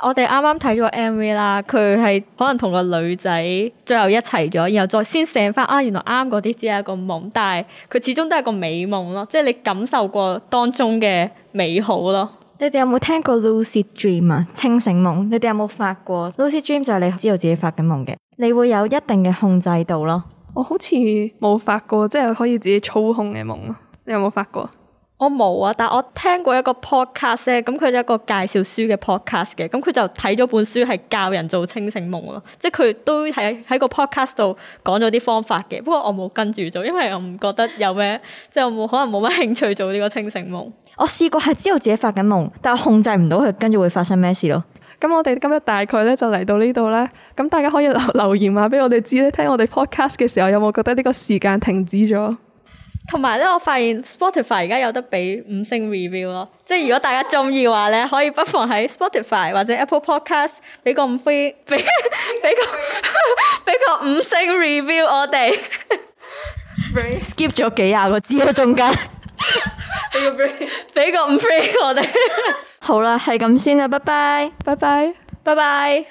我哋啱啱睇咗個 M V 啦，佢係可能同個女仔最後一齊咗，然後再先醒翻啊，原來啱嗰啲只係一個夢，但係佢始終都係個美夢咯，即係你感受過當中嘅美好咯。你哋有冇聽過 Lucid Dream 啊？清醒夢，你哋有冇發過 Lucid Dream 就係你知道自己發緊夢嘅，你會有一定嘅控制度咯。我好似冇發過，即係可以自己操控嘅夢咯。你有冇發過？我冇啊，但我聽過一個 podcast 咧，咁佢就一個介紹書嘅 podcast 嘅，咁佢就睇咗本書係教人做清醒夢咯，即係佢都喺喺個 podcast 度講咗啲方法嘅。不過我冇跟住做，因為我唔覺得有咩， 即係我冇可能冇乜興趣做呢個清醒夢。我試過係知道自己發緊夢，但係控制唔到佢，跟住會發生咩事咯。咁我哋今日大概咧就嚟到呢度啦。咁大家可以留留言話，俾我哋知咧，聽我哋 podcast 嘅時候有冇覺得呢個時間停止咗？同埋咧，我發現 Spotify 而家有得俾五星 review 咯，即係如果大家中意嘅話咧，可以不妨喺 Spotify 或者 Apple Podcast 俾個五星俾俾個俾個五星 review 我哋。Skip 咗幾廿個字喺中間，俾個 break，俾個五星我哋。好啦，係咁先啦，拜拜，拜拜，拜拜。